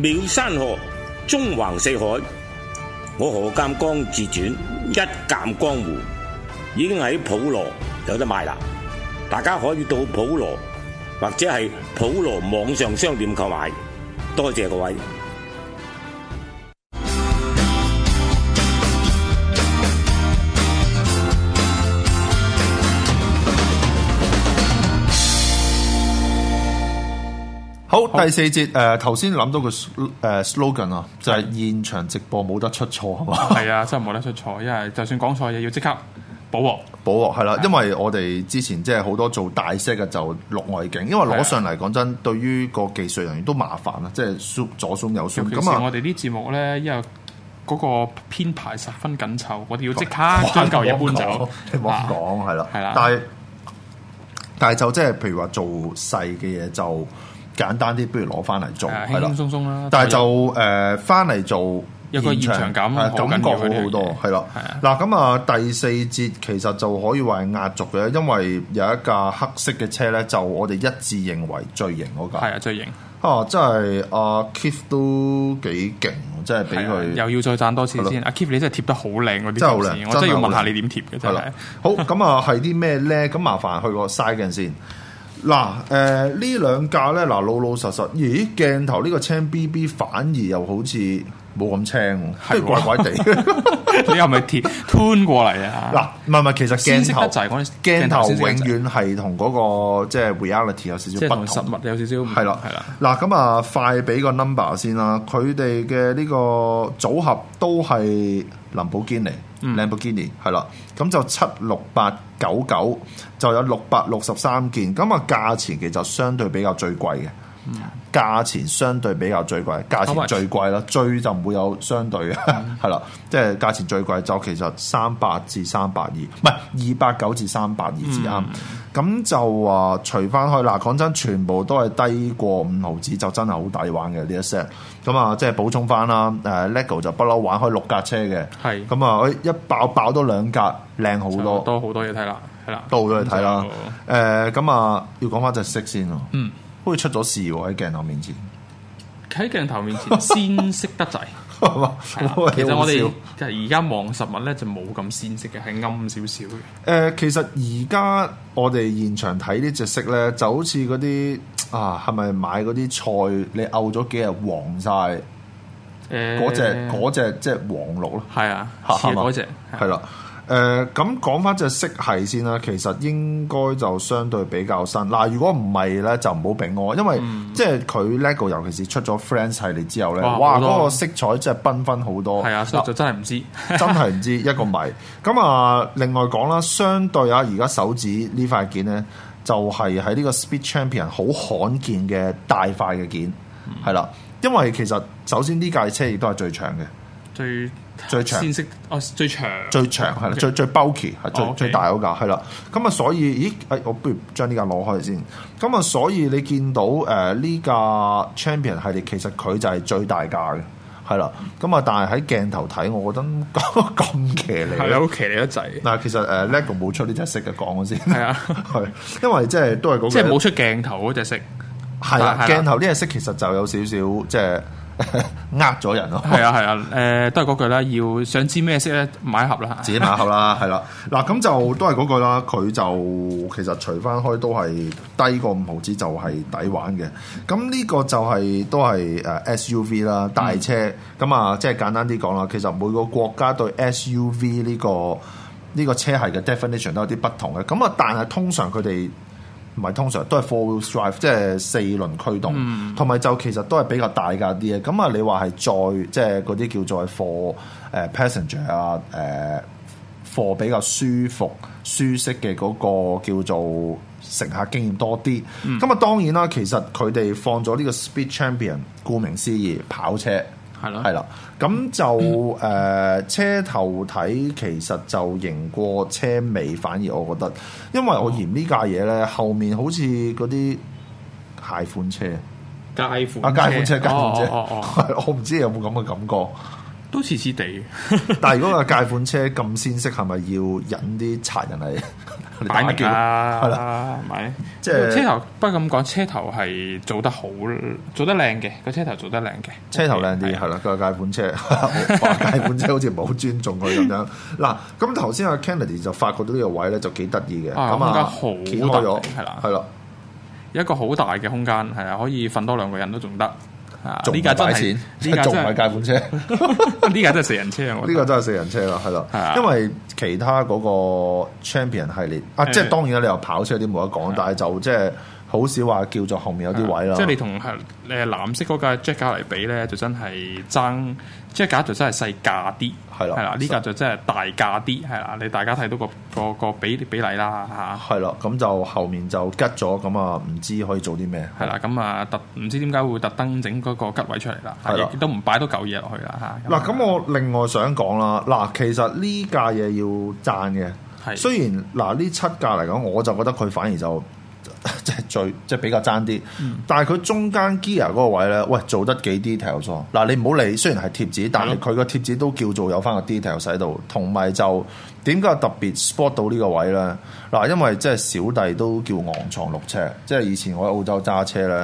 妙山河中橫四海，我何鑑江自傳一鑑江湖，已經喺普羅有得賣啦，大家可以到普羅或者係普羅網上商店購買，多謝各位。第四節誒頭先諗到個誒 slogan 啊，就係現場直播冇得出錯係嘛？係啊，真係冇得出錯，因為就算講錯嘢，要即刻補鑊，補鑊係啦。啊、因為我哋之前即係好多做大些嘅就錄外景，因為攞上嚟講真，啊、對於個技術人員都麻煩啦，即係鬆左鬆右鬆。咁其實我哋啲節目咧，因為嗰個編排十分緊湊，我哋要即刻將舊嘢搬走。講係啦，係啦，啊啊啊、但係但係就即係譬如話做細嘅嘢就。簡單啲，不如攞翻嚟做，輕輕鬆鬆啦。但係就誒翻嚟做一個現場感感覺好好多，係咯。嗱咁啊第四節其實就可以話係壓軸嘅，因為有一架黑色嘅車咧，就我哋一致認為最型嗰架。係啊，最型哦，即係阿 Keith 都幾勁，即係俾佢又要再讚多次先。阿 Keith 你真係貼得好靚嗰啲字，真係靚，我真係要問下你點貼嘅真係。好咁啊，係啲咩咧？咁麻煩去個 sign 先。嗱，誒呢、啊、兩架咧，嗱老老實實，咦鏡頭呢個青 B B 反而又好似冇咁青，係對、哦、怪怪地，你係咪貼吞過嚟啊？嗱，唔係唔係，其實鏡頭就係講鏡頭永遠係同嗰個即係、就是、reality 有少少唔同，實物有少少唔同。係啦係啦，嗱咁了了啊快俾個 number 先啦，佢哋嘅呢個組合都係林寶堅尼。蘭博基尼係啦，咁就七六八九九，就有六百六十三件，咁、那、啊、個、價錢其實相對比較最貴嘅。價錢相對比較最貴，價錢最貴啦，最就唔會有相對係啦、嗯， 即係價錢最貴就其實三百至三百二，唔係二百九至三百二至啱，咁、嗯、就話除翻去嗱，講真，全部都係低過五毫子就真係好抵玩嘅呢一 set，咁啊即係補充翻啦，誒，LEGO 就不嬲玩開六架車嘅，係是，咁啊一爆爆多兩架，靚好多，都好多嘢睇啦，係啦，都好多嘢睇啦，誒就，咁啊、呃、要講翻隻色先咯，嗯。都會出咗事喎！喺鏡頭面前，喺鏡頭面前鮮 色得滯、 uh, 呃。其實我哋就而家望實物咧，就冇咁鮮色嘅，係暗少少嘅。誒，其實而家我哋現場睇呢隻色咧，就好似嗰啲啊，係咪買嗰啲菜你漚咗幾日黃晒？誒、呃，嗰隻嗰隻即係黃綠咯，係啊，黐嗰隻，係啦。誒，咁講翻隻色係先啦，其實應該就相對比較新。嗱、呃，如果唔係咧，就唔好俾我，因為、嗯、即係佢 Lego，尤其是出咗 Friends 系列之後咧，哇，嗰哇多個色彩真係繽紛好多。係啊，所以就真係唔知， 真係唔知一個謎。咁啊、呃，另外講啦，相對啊，而家手指塊呢塊件咧，就係喺呢個 Speed Champion 好罕見嘅大塊嘅件，係、嗯、啦。因為其實首先呢架車亦都係最長嘅，最。最長，哦，最長，最長係啦 Okay.，最 bulky, 最 bulky 係最最大嗰架係啦，咁啊所以，咦，哎，我不如將呢架攞開先。咁啊，所以你見到誒呢、呃、架、這個、Champion 系列，其實佢就係最大架嘅，係啦。咁啊、嗯，但係喺鏡頭睇，我覺得咁騎呢，係啊，騎呢得滯。嗱，其實誒、呃、LEGO 冇出呢隻色嘅，講先。係啊的，係， 因為、就是那個、即係都係嗰，即係冇出鏡頭嗰隻色。係啦了，鏡頭呢隻色其實就有少少即係。就是 呃咗人咯，係啊係啊，誒、啊呃、都係嗰句啦，要想知咩色咧，買盒啦，自己買盒啦，係啦 啊，嗱咁就都係嗰句啦，佢就其實除翻開都係低過五毫子就係、是、抵玩嘅，咁呢個就係、是、都係誒 SUV 啦，大車，咁啊即係簡單啲講啦，其實每個國家對 SUV 呢個呢個車系嘅 definition 都有啲不同嘅，咁啊但係通常佢哋。唔係通常都係 four wheel drive，即係四輪驅動，同埋、嗯、就其實都係比較大架啲嘅。咁啊，你話係再即係嗰啲叫做 for 誒、uh, passenger 啊誒 for 比較舒服、舒適嘅嗰個叫做乘客經驗多啲。咁啊、嗯，當然啦，其實佢哋放咗呢個 Speed Champion，顧名思義跑車。係咯，係啦，咁就誒、嗯呃，車頭睇，其實就型過車尾，反而我覺得，因為我嫌架呢架嘢咧，後面好似嗰啲街款車，街款啊，街款車、街款車，啊、車我唔知有冇咁嘅感覺。都似似地，但係如果個介款車咁鮮色，係咪要引啲賊人嚟打劫啊？係啦，係咪？即係車頭，不過咁講，車頭係做得好，做得靚嘅，個車頭做得靚嘅，車頭靚啲係啦。個介款車，介款車好似唔好尊重佢咁樣。嗱，咁頭先阿 Kennedy 就發覺到呢個位咧，就幾得意嘅。咁啊，空間好大咗，係啦，係啦，有一個好大嘅空間，係啊，可以瞓多兩個人都仲得。呢架真係，呢架仲係介款車，呢架真係 四人車。呢 個真係四人車啦，係啦，啊、因為其他嗰個 champion 系列啊，啊，即係當然啦，你又跑車有啲冇得講，啊、但係就即係好少話叫做後面有啲位啦。即係、啊就是、你同係誒藍色嗰架 jack 嚟比咧，就真係爭。即係架就真係細架啲，係咯的，係啦的，呢架就真係大架啲，係啦，你大家睇到個個，個比比例啦，嚇。係咯，咁就後面就吉咗，咁啊唔知可以做啲咩？係啦，咁啊特唔知點解會特登整嗰個吉位出嚟啦，係亦都唔擺多舊嘢落去啦，嚇。嗱，咁我另外想講啦，嗱，其實呢架嘢要贊嘅，係是的 雖然嗱呢七架嚟講，我就覺得佢反而就。即係最即係比較爭啲，嗯、但係佢中間 gear 嗰個位咧，喂做得幾 detail 咗、啊、嗱，你唔好理，雖然係貼紙，但係佢個貼紙都叫做有翻個 detail 喺度。同埋就點解特別 spot 到呢個位咧？嗱、啊，因為即係小弟都叫昂藏六尺，即係以前我喺澳洲揸車咧，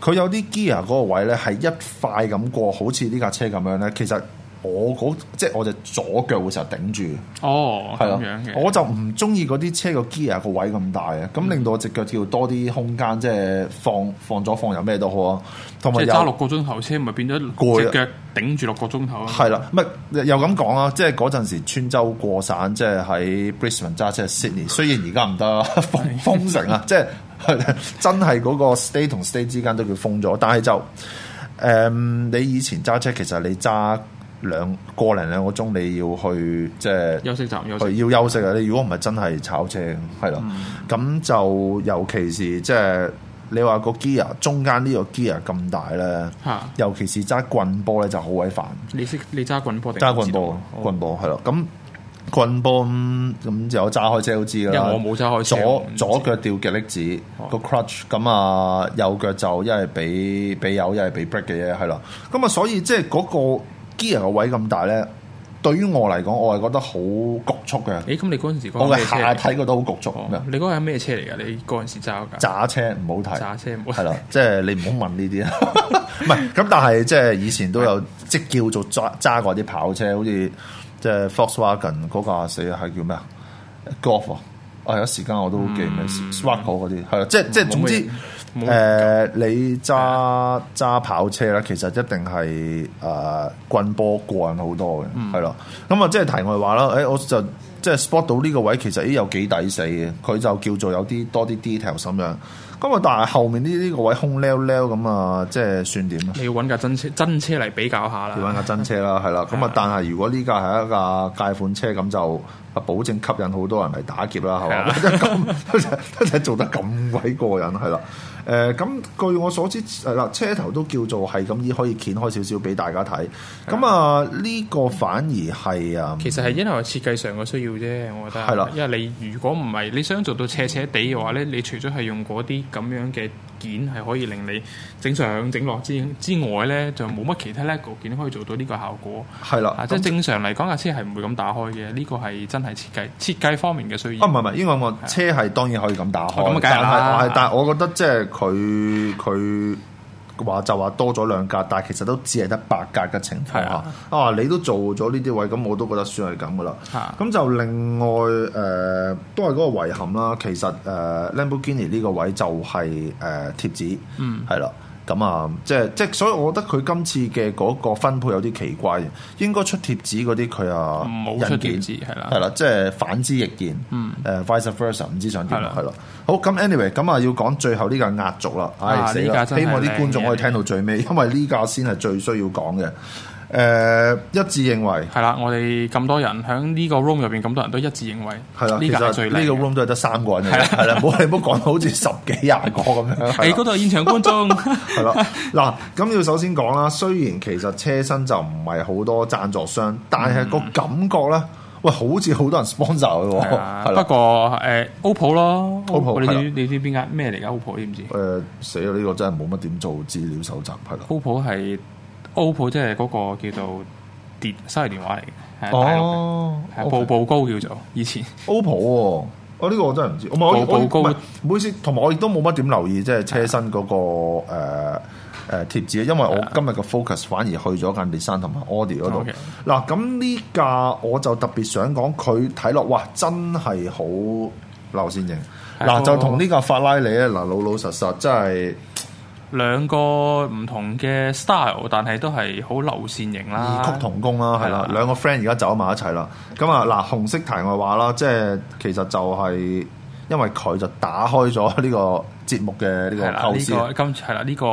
佢、嗯、有啲 gear 嗰個位咧係一塊咁過，好似呢架車咁樣咧，其實。我嗰，即係我隻左腳會成日頂住，哦，係啊，咁樣嘅。我就唔中意嗰啲車個 gear 個位咁大嘅，咁、嗯、令到我隻腳跳多啲空間，即係放放左放右咩都好啊，同埋揸六個鐘頭車咪變咗隻腳頂住六個鐘頭，係啦、啊，咪又咁講啦，即係嗰陣時穿州過省，即係喺 Brisbane 揸車 Sydney 雖然而家唔得封封城啊，即係、 就是、真係嗰個 state 同 state 之間都叫封咗，但係就誒、嗯，你以前揸車其實你揸。兩個零兩個鐘，你要去即係、就是、休息站，休息，要休息啊！嗯、你如果唔係真係炒車，係咯，咁、嗯、就尤其是即係、就是、你話個 gear 中間呢個 gear 咁大咧，哈尤其是揸棍波咧就好鬼煩。你識你揸棍波定揸棍波？哦、棍波係咯，咁棍波咁、嗯、就有揸開車都知噶啦。因為我冇揸開車左，左左腳掉嘅力子、嗯、個 crutch，咁啊右腳就一係俾俾油，一係俾 break 嘅嘢係啦。咁啊，所以即係嗰個。Gear 個位咁大咧，對於我嚟講，我係覺得好局促嘅。誒，咁你嗰陣時我嘅下體覺得好局促。你嗰架咩車嚟噶？你嗰陣時揸揸車唔好睇，揸車唔好係啦。即係你唔好問呢啲啊。唔係咁，但係即係以前都有即叫做揸揸過啲跑車，好似即係 Volkswagen 嗰架死係叫咩啊？Golf。啊！有時間我都好記咩 swag、嗯、好嗰啲，係即即沒總之，誒你揸揸跑車啦，其實一定係誒棍波過癮好多嘅，係咯、嗯。咁啊、嗯，即係題外話啦，誒、欸、我就。即係 spot 到呢個位，其實咦有幾抵死嘅，佢就叫做有啲多啲 detail 咁樣。咁啊，但係後面呢呢個位空溜溜 e 咁啊，即係算點咧？你要揾架真車真車嚟比較下啦。要揾架真車啦，係啦。咁啊，但係如果呢架係一架介款車，咁就啊保證吸引好多人嚟打劫啦，係嘛？咁一陣一陣做得咁鬼過癮，係啦。誒，咁據我所知，係啦，車頭都叫做係咁，咦可以掀開少少俾大家睇。咁啊，呢個反而係啊，其實係因為設計上嘅需要。啫，我覺得，因為你如果唔係你想做到斜斜地嘅話咧，你除咗係用嗰啲咁樣嘅件係可以令你整上整落之之外咧，就冇乜其他 LEGO 件可以做到呢個效果。係啦的，即係、啊、正常嚟講架車係唔會咁打開嘅，呢、呢個係真係設計設計方面嘅需要。哦、啊，唔係唔係，因為我車係當然可以咁打開，咁嘅啦。但係但係，我覺得即係佢佢。話就話多咗兩格，但係其實都只係得八格嘅情況啊！啊，你都做咗呢啲位，咁我都覺得算係咁噶啦。咁、啊、就另外誒、呃，都係嗰個遺憾啦。其實誒、呃、Lamborghini 呢個位就係、是、誒、呃、貼紙，係啦、嗯。咁啊，即係即係，所以我覺得佢今次嘅嗰個分配有啲奇怪嘅，應該出貼紙嗰啲佢啊，唔好出貼紙係啦，係啦件，即係反之亦然，嗯的，誒 vice versa，唔知想點，係啦的，好，咁，anyway，咁啊要講最後呢個壓軸啦，唉死啦，哎、希望啲觀眾亮可以聽到最尾，因為呢架先係最需要講嘅。誒，一致認為係啦。我哋咁多人喺呢個 room 入邊，咁多人都一致認為係啦。呢個呢個 room 都係得三個人嘅，係啦，好，你唔好講到好似十幾廿個咁樣。誒，嗰度係現場觀眾。係啦，嗱，咁要首先講啦。雖然其實車身就唔係好多贊助商，但係個感覺咧，喂，好似好多人 sponsor 嘅。係啦。不過誒，OPPO 咯，OPPO，你知邊間咩嚟噶？OPPO 知唔知？誒，死咗呢個真係冇乜點做資料搜集。OPPO 係。OPPO 即係嗰個叫做電手機電話嚟嘅，係大陸嘅，係步步高叫做。以前 OPPO，啊呢、啊這個我真係唔知。步步高，唔好意思，同埋我亦都冇乜點留意，即、就、係、是、車身嗰、那個誒誒貼紙，因為我今日個 focus 反而去咗間 design 同埋 a 奧迪嗰度。嗱 Okay.、啊，咁呢架我就特別想講，佢睇落哇，真係好流線型。嗱、啊，就同呢架法拉利咧，嗱老老實實真係。兩個唔同嘅 style，但係都係好流線型啦。異曲同工啦，係啦。兩個 friend 而家走埋一齊啦。咁啊嗱，紅色題外話啦，即係其實就係因為佢就打開咗呢個節目嘅呢個構思。係啦，呢個今次係啦，呢個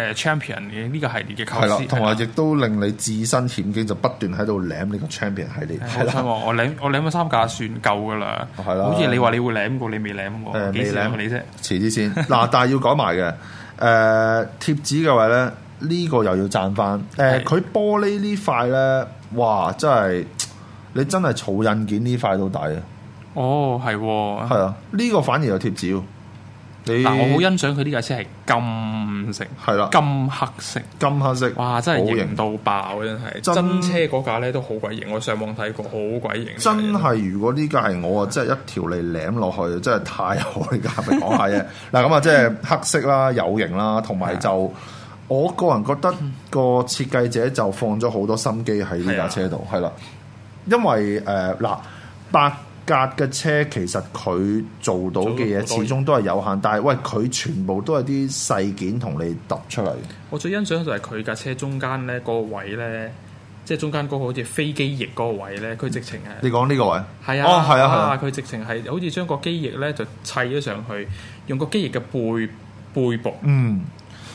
誒 champion 呢個系列嘅構思。同埋亦都令你自身險境就不斷喺度攬呢個 champion 系列。係啦，我攬我攬咗三架算夠㗎啦。係啦。好似你話你會攬過，你未攬過。誒，未攬你啫。遲啲先。嗱，但係要講埋嘅。誒、呃、貼紙嘅話咧，呢、這個又要賺翻。誒、呃、佢是玻璃塊呢塊咧，哇！真係你真係儲印件呢塊都抵啊。哦，係、哦。係啊，呢、這個反而有貼紙。嗱，你我好欣賞佢呢架車係金色，係啦的，金黑色，金黑色，哇，真係型到爆，真係的真車嗰架咧都好鬼型，我上網睇過，好鬼型。真係，如果呢架係我啊，真係是的 一條脷舐落去，真係太好架，咪講下啫。嗱，咁啊，即係黑色啦，有型啦，同埋就是的 我個人覺得個設計者就放咗好多心機喺呢架車度，係啦，因為誒，嗱、呃呃，但隔嘅車其實佢做到嘅嘢始終都係有限，但係喂佢全部都係啲細件同你揼出嚟。我最欣賞就係佢架車中間咧、嗰個位咧，即係中間嗰個好似飛機翼嗰個位咧，佢直情係。你講呢個位？係啊，係啊、哦、係啊，佢直情係好似將個機翼咧就砌咗上去，用個機翼嘅背背部。嗯。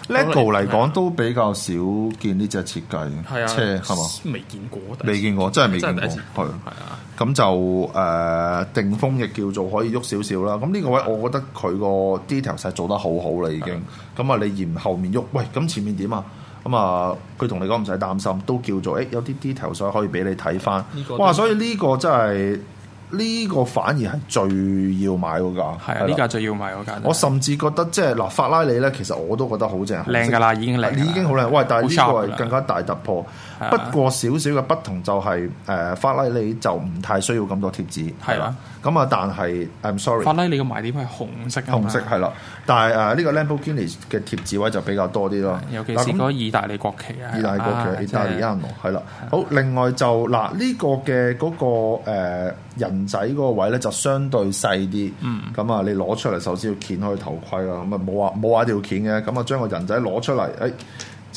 LEGO 嚟講都比較少見呢隻設計、啊、車，係嘛？未見過，未見過，真係未見過，係啊！咁就誒，啊、定風亦叫做可以喐少少啦。咁呢個位，我覺得佢個 detail 勢做得好好啦，已經。咁啊，你嫌後面喐，喂，咁前面點啊？咁啊，佢同你講唔使擔心，都叫做誒、哎，有啲 detail 啲頭勢可以俾你睇翻。哇個！所以呢個真係～呢個反而係最要買嗰架，係啊，呢架最要買嗰架。就是、我甚至覺得即係嗱法拉利咧，其實我都覺得好正，靚噶啦，已經靚，已經好靚。喂，但係呢個係更加大突破。不過少少嘅不同就係、是、誒、呃、法拉利就唔太需要咁多貼紙，係啦。咁啊，但係，I'm sorry。法拉利嘅賣點係紅色啊嘛。紅色係啦，但係誒，呢個 Lamborghini 嘅貼紙位就比較多啲咯，尤其是嗰意大利國旗啊。那吧意大利國旗，啊、意大利人咯，係啦吧。吧好，另外就嗱呢、啊這個嘅嗰、那個、呃、人仔嗰個位咧就相對細啲。嗯。咁啊，你攞出嚟首先要掀開頭盔啦，咁啊冇話冇話要掀嘅，咁啊將個人仔攞出嚟，誒、哎。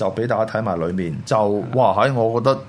就俾大家睇埋裏面，就哇！喺我覺得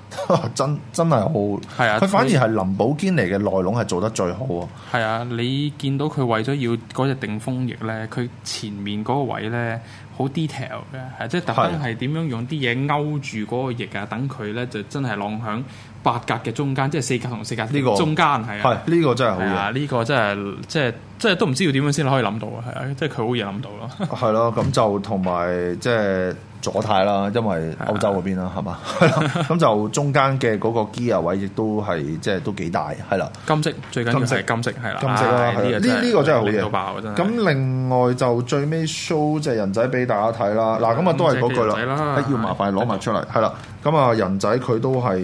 真真係好，佢、啊、反而係林寶堅尼嘅內籠係做得最好啊！係啊，你見到佢為咗要嗰隻定風翼咧，佢前面嗰個位咧好 detail 嘅，係、啊、即係特登係點樣用啲嘢勾住嗰個翼啊？等佢咧就真係浪響八格嘅中間，即、就、係、是、四格同四格呢個中間係、這個、啊！呢、啊這個真係好啊！呢、這個真係即係即係都唔知要點樣先可以諗到啊！係啊，即係佢好易諗到咯。係咯，咁、啊、就同埋、就是、即係。左軚啦，因為歐洲嗰邊啦，係嘛？咁就中間嘅嗰個 gear 位亦都係，即係都幾大，係啦。金色最緊要金色，金色係啦。金色啦，呢呢個真係好嘢。爆。咁另外就最尾 show 隻人仔俾大家睇啦。嗱，咁啊都係嗰句啦，不要麻煩攞埋出嚟。係啦，咁啊人仔佢都係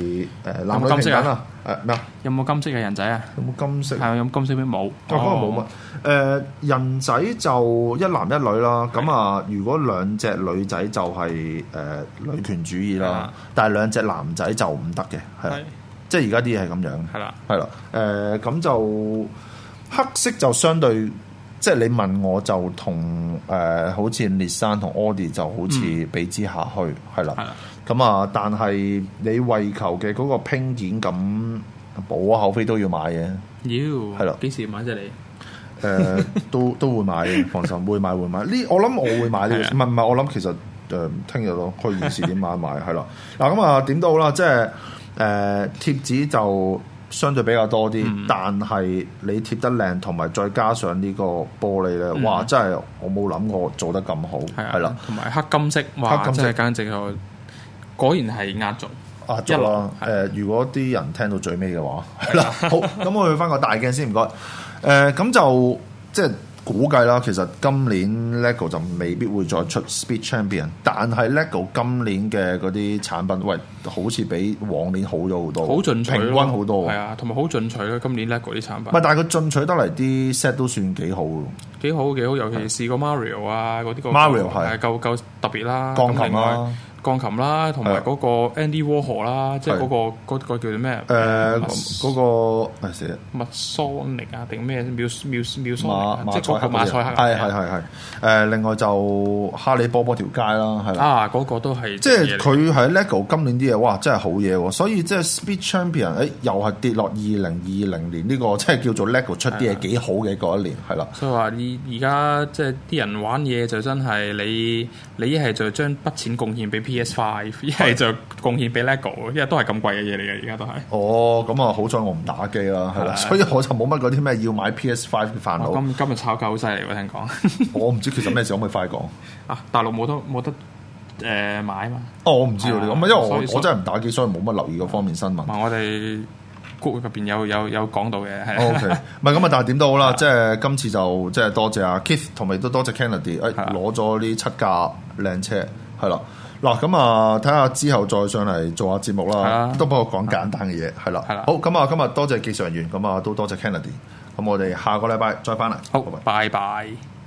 誒男女平等啦。誒咩、呃、有冇金色嘅人仔啊？有冇金色？係啊，有，有金色嘅帽。啊，嗰個冇啊。誒、呃、人仔就一男一女啦。咁的啊，如果兩隻女仔就係、是、誒、呃、女權主義啦，的但係兩隻男仔就唔得嘅，係的即係而家啲嘢係咁樣。係啦的，係啦的。誒咁、呃、就黑色就相對，即係你問我就同誒、呃，好似列山同奧迪就好似比之下去，係啦、嗯。的咁啊！但係你為求嘅嗰個拼件咁，無可厚非都要買嘅。妖，係咯？幾時買啫你？誒，都都會買，放心，會買會買。呢，我諗我會買呢個，唔係唔係，我諗其實誒，聽日咯，去完時點買買，係啦。嗱咁啊，點都好啦，即係誒貼紙就相對比較多啲，但係你貼得靚，同埋再加上呢個玻璃咧，哇！真係我冇諗過做得咁好，係啦。同埋黑金色，黑金色簡直又～果然係壓軸壓軸咗咯。誒吧、呃，如果啲人聽到最尾嘅話，係啦、啊。 好，咁我去翻個大鏡先，唔該。誒、呃，咁就即係估計啦。其實今年 LEGO 就未必會再出 Speed Champion，但係 LEGO 今年嘅嗰啲產品，喂，好似比往年好咗好多，好進取，平均好多，係啊，同埋好進取啊，今年 LEGO 啲產品，唔但係佢進取得嚟啲 set 都算幾好。幾好幾好，尤其是個 Mario 啊嗰啲個 Mario 係，係夠夠特別啦。鋼琴啦，鋼琴啦，同埋嗰個 Andy Warhol 啦，即係嗰個嗰個叫做咩？誒嗰個乜嘢？莫蘇尼啊，定咩？秒秒秒蘇尼，即係嗰個馬賽克。係係係係。誒另外就哈利波波條街啦，係啊，嗰個都係。即係佢喺 LEGO 今年啲嘢，哇！真係好嘢喎。所以即係 Speed Champion，誒又係跌落二零二零年呢個，即係叫做 LEGO 出啲嘢幾好嘅嗰一年，係啦。所以話呢？而家即係啲人玩嘢就真係你你一係就將筆錢貢獻俾 PS Five，一係就貢獻俾 LEGO，因為都係咁貴嘅嘢嚟嘅，而家都係。哦，咁啊，好彩我唔打機啦，係啦的，所以我就冇乜嗰啲咩要買 PS Five 嘅煩惱。今今日炒價好犀利喎，聽講、哦。我唔知其實咩事，可唔可以快講？ 啊，大陸冇得冇得誒、呃、買嘛？哦，我唔知道呢個、啊，因為我以我真係唔打機，所以冇乜留意嗰方面新聞、啊。我哋。group 入邊有有有講到嘅，OK，唔係咁啊，但係點都好啦，的即係今次就即係多謝阿 Keith 同埋都多謝 Kennedy，誒攞咗呢七架靚車，係啦，嗱咁啊，睇下之後再上嚟做下節目啦，的都幫我講簡單嘅嘢，係啦的，係啦的，好咁啊，今日多謝，謝技術人員，員，咁啊都多謝，謝 Kennedy，咁的我哋下個禮拜再返嚟，好，拜拜。Bye bye。